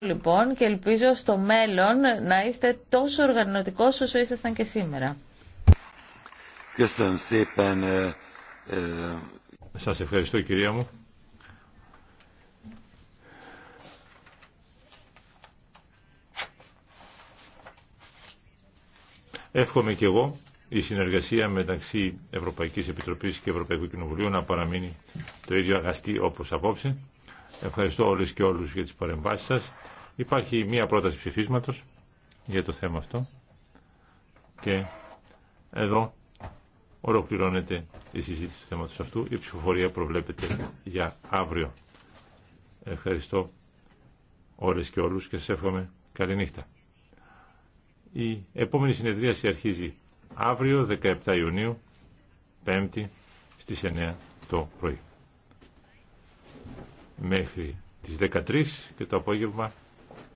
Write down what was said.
λοιπόν και ελπίζω στο μέλλον να είστε τόσο οργανωτικός όσο ήσασταν και σήμερα. Ε, ε, Σας ευχαριστώ κυρία μου. Εύχομαι και εγώ η συνεργασία μεταξύ Ευρωπαϊκής Επιτροπής και Ευρωπαϊκού Κοινοβουλίου να παραμείνει το ίδιο αγαστή όπως απόψε. Ευχαριστώ όλες και όλους για τις παρεμβάσεις σας. Υπάρχει μία πρόταση ψηφίσματος για το θέμα αυτό και εδώ ολοκληρώνεται η συζήτηση του θέματος αυτού. Η ψηφοφορία προβλέπεται για αύριο. Ευχαριστώ όλες και όλους και σας εύχομαι καληνύχτα. Η επόμενη συνεδρίαση αρχίζει αύριο 17 Ιουνίου, 5η στις 9 το πρωί μέχρι τις 13 και το απόγευμα